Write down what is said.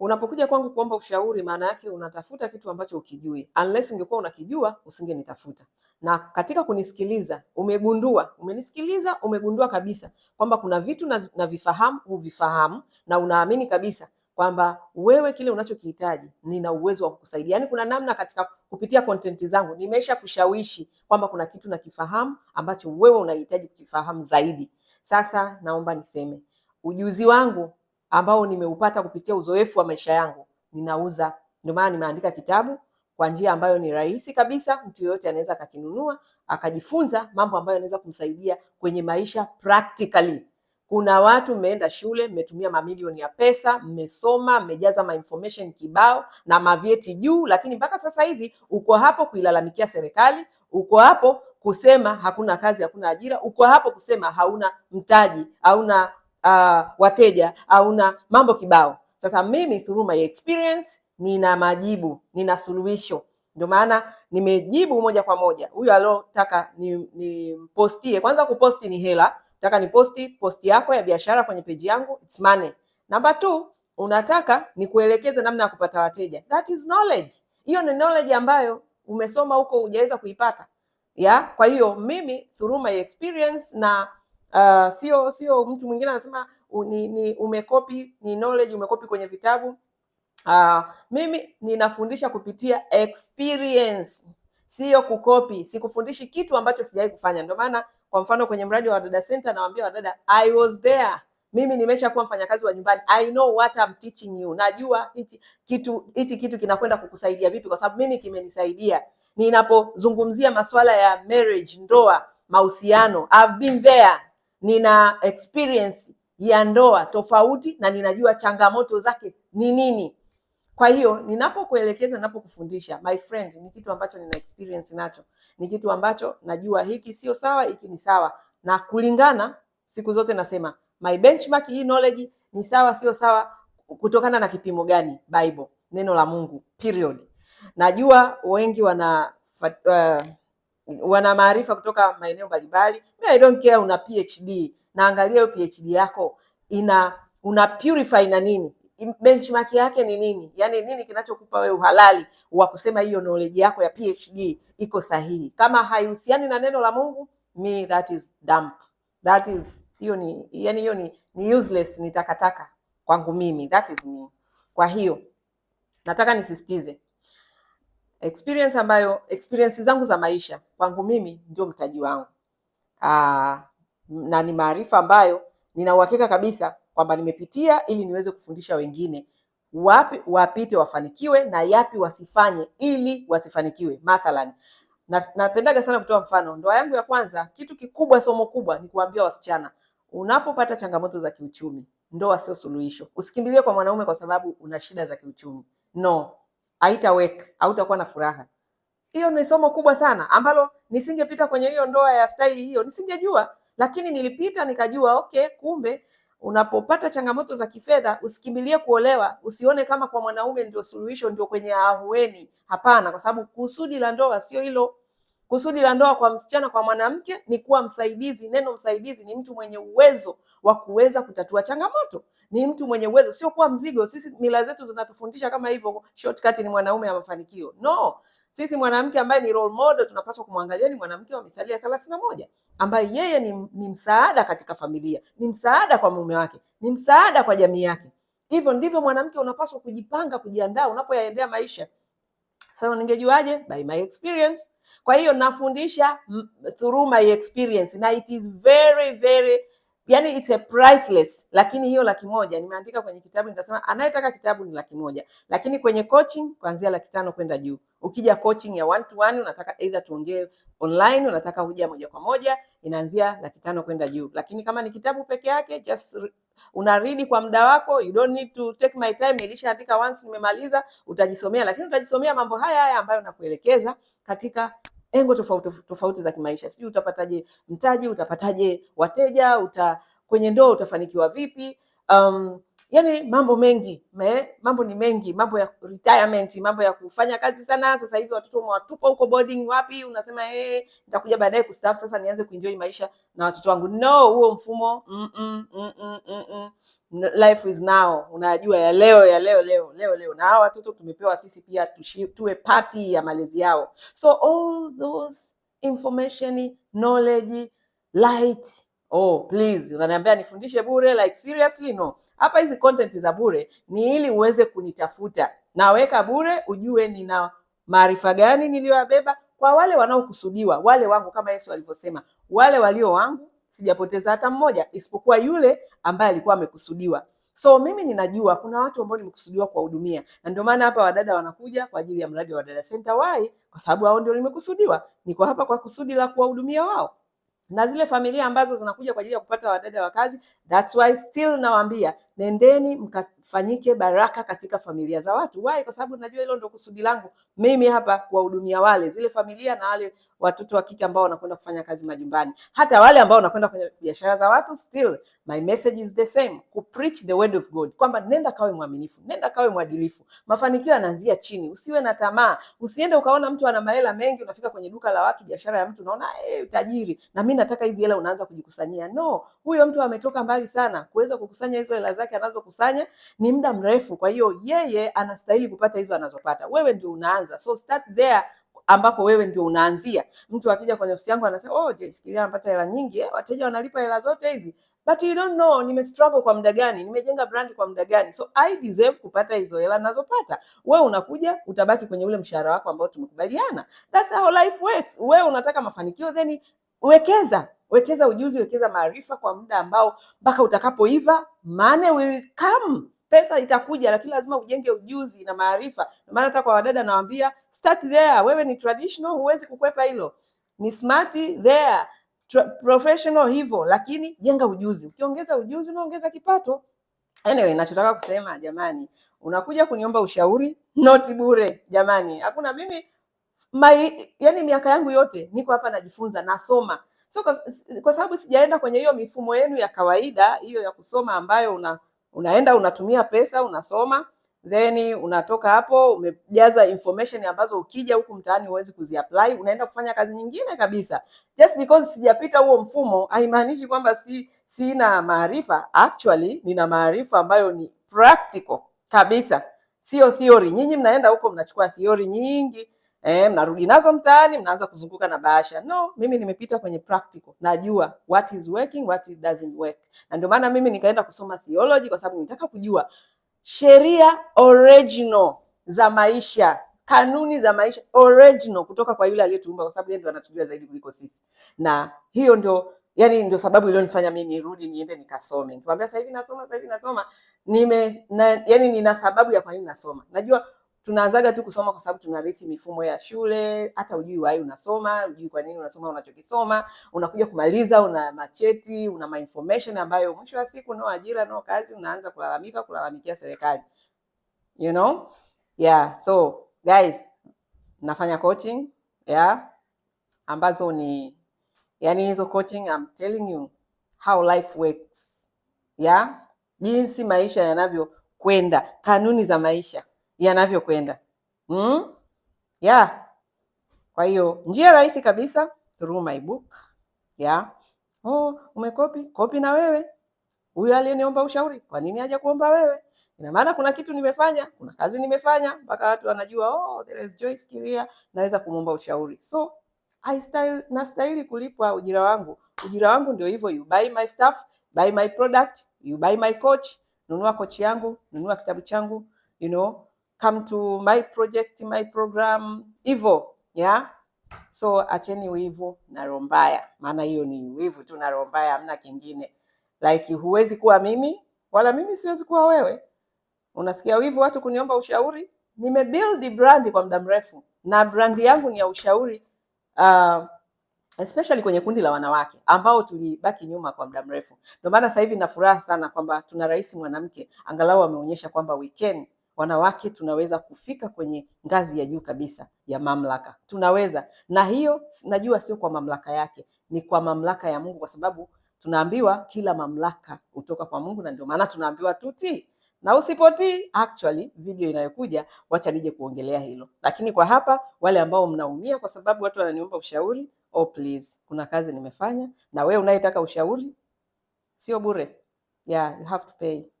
Unapokuja kwangu kuomba ushauri, maana yake unatafuta kitu ambacho ukijui. Unless ungekuwa unakijua usingenitafuta. Na katika kunisikiliza umegundua, umenisikiliza umegundua kabisa kwamba kuna vitu navifahamu, huvifahamu na unaamini kabisa kwamba wewe kile unachokihitaji nina uwezo wa kukusaidia. Yaani kuna namna katika kupitia kontenti zangu nimesha kushawishi kwamba kuna kitu nakifahamu ambacho wewe unahitaji kukifahamu zaidi. Sasa naomba niseme ujuzi wangu ambao nimeupata kupitia uzoefu wa maisha yangu, ninauza. Ndio maana nimeandika kitabu kwa njia ambayo ni rahisi kabisa, mtu yoyote anaweza akakinunua akajifunza mambo ambayo anaweza kumsaidia kwenye maisha practically. Kuna watu mmeenda shule, mmetumia mamilioni ya pesa, mmesoma, mmejaza ma information kibao na mavyeti juu, lakini mpaka sasa hivi uko hapo kuilalamikia serikali, uko hapo kusema hakuna kazi, hakuna ajira, uko hapo kusema hauna mtaji, hauna uh, wateja auna mambo kibao. Sasa mimi through my experience nina majibu, nina suluhisho. Ndio maana nimejibu moja kwa moja huyo aliotaka nimpostie. Ni kwanza kuposti ni hela, nataka niposti posti yako ya biashara kwenye peji yangu, it's money. Namba two, unataka nikuelekeze namna ya kupata wateja, that is knowledge. Hiyo ni knowledge ambayo umesoma huko hujaweza kuipata ya. Kwa hiyo mimi through my experience na Uh, sio sio mtu mwingine anasema ni, ni umekopi ni knowledge umekopi kwenye vitabu. Uh, mimi ninafundisha kupitia experience, sio kukopi. Sikufundishi kitu ambacho sijawahi kufanya. Ndio maana kwa mfano kwenye mradi wa Wadada Center nawaambia wadada, I was there mimi nimeshakuwa mfanyakazi wa nyumbani. I know what I'm teaching you. Najua hichi kitu hichi kitu kinakwenda kukusaidia vipi, kwa sababu mimi kimenisaidia ninapozungumzia masuala ya marriage, ndoa, mahusiano. I've been there nina experience ya ndoa tofauti na ninajua changamoto zake ni nini. Kwa hiyo ninapokuelekeza, ninapokufundisha my friend, ni kitu ambacho nina experience nacho, ni kitu ambacho najua hiki sio sawa, hiki ni sawa, na kulingana, siku zote nasema my benchmark, hii knowledge ni sawa, sio sawa, kutokana na kipimo gani? Bible, neno la Mungu, period. Najua wengi wana uh, wana maarifa kutoka maeneo mbalimbali. I don't care una PhD, naangalia hiyo PhD yako ina una purify na nini, benchmark yake ni nini? yani nini kinachokupa wewe uhalali wa kusema hiyo knowledge yako ya PhD iko sahihi? Kama haihusiani na neno la Mungu, me that is dump, that is hiyo ni yani, hiyo ni, ni useless, ni takataka kwangu mimi, that is me. Kwa hiyo nataka nisisitize experience ambayo experience zangu za maisha kwangu mimi ndio mtaji wangu aa, ah, na ni maarifa ambayo nina uhakika kabisa kwamba nimepitia ili niweze kufundisha wengine wapi wapite wafanikiwe na yapi wasifanye ili wasifanikiwe. Mathalan, napendaga na sana kutoa mfano ndoa yangu ya kwanza. Kitu kikubwa, somo kubwa ni kuambia wasichana, unapopata changamoto za kiuchumi, ndoa sio suluhisho. Usikimbilie kwa mwanaume kwa sababu una shida za kiuchumi, no haitaweka utakuwa na furaha. Hiyo ni somo kubwa sana ambalo nisingepita kwenye hiyo ndoa ya staili hiyo nisingejua, lakini nilipita nikajua, okay, kumbe unapopata changamoto za kifedha usikimbilie kuolewa. Usione kama kwa mwanaume ndio suluhisho, ndio kwenye ahueni. Hapana, kwa sababu kusudi la ndoa sio hilo. Kusudi la ndoa kwa msichana, kwa mwanamke ni kuwa msaidizi. Neno msaidizi ni mtu mwenye uwezo wa kuweza kutatua changamoto, ni mtu mwenye uwezo, sio kuwa mzigo. Sisi mila zetu zinatufundisha kama hivyo, shortcut ni mwanaume ya mafanikio. No, sisi mwanamke ambaye ni role model tunapaswa kumwangalia ni mwanamke wa Mithali ya thelathini na moja ambaye yeye ni, ni msaada katika familia, ni msaada kwa mume wake, ni msaada kwa jamii yake. Hivyo ndivyo mwanamke unapaswa kujipanga, kujiandaa unapoyaendea maisha. Sasa ningejuaje? By my experience kwa hiyo nafundisha through my experience na it is very very yani it's a priceless. Lakini hiyo laki moja nimeandika kwenye kitabu, nikasema anayetaka kitabu ni laki moja, lakini kwenye coaching kuanzia laki tano kwenda juu. Ukija coaching ya one to one, unataka either tuongee online, unataka huja moja kwa moja, inaanzia laki tano kwenda juu. Lakini kama ni kitabu peke yake just una read kwa muda wako, you don't need to take my time, nilishaandika once, nimemaliza. Utajisomea, lakini utajisomea mambo haya haya ambayo nakuelekeza katika engo tofauti tofauti za kimaisha. Sijui utapataje mtaji, utapataje wateja, uta kwenye ndoa utafanikiwa vipi? um, yani mambo mengi me, mambo ni mengi, mambo ya retirement, mambo ya kufanya kazi sana. Sasa hivi watoto watupa huko boarding wapi, unasema hey, eh, nitakuja baadaye kustaafu, sasa nianze kuenjoy maisha na watoto wangu. No, huo mfumo mm -mm, mm -mm, mm -mm. Life is now, unajua ya leo ya leo leo leo leo, na hawa watoto tumepewa sisi pia tuwe party ya malezi yao, so all those information knowledge light Oh, please unaniambia nifundishe bure like seriously no. Hapa hizi content za bure ni ili uweze kunitafuta, naweka bure ujue nina maarifa gani niliyoyabeba kwa wale wanaokusudiwa, wale wangu, kama Yesu alivyosema, wale walio wangu sijapoteza hata mmoja, isipokuwa yule ambaye alikuwa amekusudiwa. So mimi ninajua kuna watu ambao nimekusudiwa kuwahudumia, na ndio maana hapa wadada wanakuja kwa ajili ya mradi wa Wadada Center. Why? Kwa sababu hao ndio nimekusudiwa, niko hapa kwa kusudi la kuwahudumia wao na zile familia ambazo zinakuja kwa ajili ya kupata wadada wa kazi. That's why still nawaambia nendeni mkafanyike baraka katika familia za watu. Why? Kwa sababu najua hilo ndo kusudi langu mimi hapa, kuwahudumia wale zile familia na wale watoto wa kike ambao wanakwenda kufanya kazi majumbani, hata wale ambao wanakwenda kwenye biashara za watu. Still my message is the same, ku preach the word of God, kwamba nenda kawe mwaminifu, nenda kawe mwadilifu. Mafanikio yanaanzia chini, usiwe na tamaa. Usiende ukaona mtu ana mahela mengi, unafika kwenye duka la watu, biashara ya mtu, unaona hey, eh, tajiri na mimi nataka hizi hela, unaanza kujikusanyia. No, huyo mtu ametoka mbali sana kuweza kukusanya hizo hela zake zake anazokusanya ni muda mrefu. Kwa hiyo yeye anastahili kupata hizo anazopata, wewe ndio unaanza. So start there ambapo wewe ndio unaanzia. Mtu akija kwenye ofisi yangu anasema oh, je, Kilala anapata hela nyingi eh, wateja wanalipa hela zote hizi, but you don't know nime struggle kwa muda gani, nimejenga brand kwa muda gani, so I deserve kupata hizo hela ninazopata. Wewe unakuja utabaki kwenye ule mshahara wako ambao tumekubaliana. That's how life works. Wewe unataka mafanikio, then wekeza Wekeza ujuzi, wekeza maarifa kwa muda ambao mpaka utakapoiva, money will come, pesa itakuja, lakini lazima ujenge ujuzi na maarifa. Ndio maana hata kwa wadada nawaambia start there. Wewe ni traditional, huwezi kukwepa hilo, ni smart there professional hivyo, lakini jenga ujuzi. Ukiongeza ujuzi unaongeza kipato. Anyway, nachotaka kusema jamani, unakuja kuniomba ushauri not bure jamani, hakuna mimi my, yani miaka yangu yote niko hapa najifunza, nasoma So kwa, kwa sababu sijaenda kwenye hiyo mifumo yenu ya kawaida hiyo ya kusoma ambayo una, unaenda unatumia pesa unasoma then unatoka hapo umejaza information ambazo ukija huku mtaani huwezi kuziapply, unaenda kufanya kazi nyingine kabisa. Just because sijapita huo mfumo haimaanishi kwamba si sina maarifa. Actually nina maarifa ambayo ni practical kabisa, sio theory. Nyinyi mnaenda huko mnachukua theory nyingi eh, mnarudi nazo mtaani, mnaanza kuzunguka na bahasha. No, mimi nimepita kwenye practical, najua what is working, what is doesn't work, na ndio maana mimi nikaenda kusoma theology kwa sababu nitaka kujua sheria original za maisha kanuni za maisha original kutoka kwa yule aliyetuumba, kwa sababu yeye ndo anatujua zaidi kuliko sisi. Na hiyo ndio yani, ndio sababu iliyonifanya mimi nirudi niende nikasome. Nikamwambia sasa hivi nasoma, sasa hivi nasoma nime na, yani nina sababu ya kwa nini nasoma, najua tunaanzaga tu kusoma kwa sababu tunarithi mifumo ya shule. Hata ujui wai unasoma, ujui kwa nini unasoma unachokisoma. Unakuja kumaliza, una macheti, una information ambayo mwisho wa siku no ajira no kazi, unaanza kulalamika, kulalamikia serikali, you know yeah. So guys, nafanya coaching yeah, ambazo ni yani hizo coaching, I'm telling you how life works yeah, jinsi maisha yanavyokwenda, kanuni za maisha yanavyokwenda mm? yeah. Kwa hiyo njia rahisi kabisa through my book yeah. Oh, umekopi kopi na wewe huyo aliyeniomba ushauri, kwa nini haja kuomba wewe? Ina maana kuna kitu nimefanya, kuna kazi nimefanya mpaka watu wanajua, oh, there is Joyce Kiria, naweza kumwomba ushauri, so I style, nastahili kulipwa ujira wangu. Ujira wangu ndio hivyo, you buy my stuff, buy my product, you buy my coach, nunua kochi yangu, nunua kitabu changu you know come to my project, my program, hivyo yeah. So acheni wivu na roho mbaya, maana hiyo ni wivu tu na roho mbaya, hamna kingine. Like huwezi kuwa mimi wala mimi siwezi kuwa wewe. Unasikia wivu watu kuniomba ushauri. Nimebuild brand kwa muda mrefu na brand yangu ni ya ushauri uh, especially kwenye kundi la wanawake ambao tulibaki nyuma kwa muda mrefu. Ndio maana sasa hivi na furaha sana kwamba tuna rais mwanamke, angalau ameonyesha kwamba we can wanawake tunaweza kufika kwenye ngazi ya juu kabisa ya mamlaka, tunaweza. Na hiyo najua sio kwa mamlaka yake, ni kwa mamlaka ya Mungu, kwa sababu tunaambiwa kila mamlaka hutoka kwa Mungu, na ndio maana tunaambiwa tutii na usipotii. Actually, video inayokuja wacha nije kuongelea hilo, lakini kwa hapa, wale ambao mnaumia kwa sababu watu wananiomba ushauri, oh please, kuna kazi nimefanya, na wewe unayetaka ushauri sio bure, yeah, you have to pay.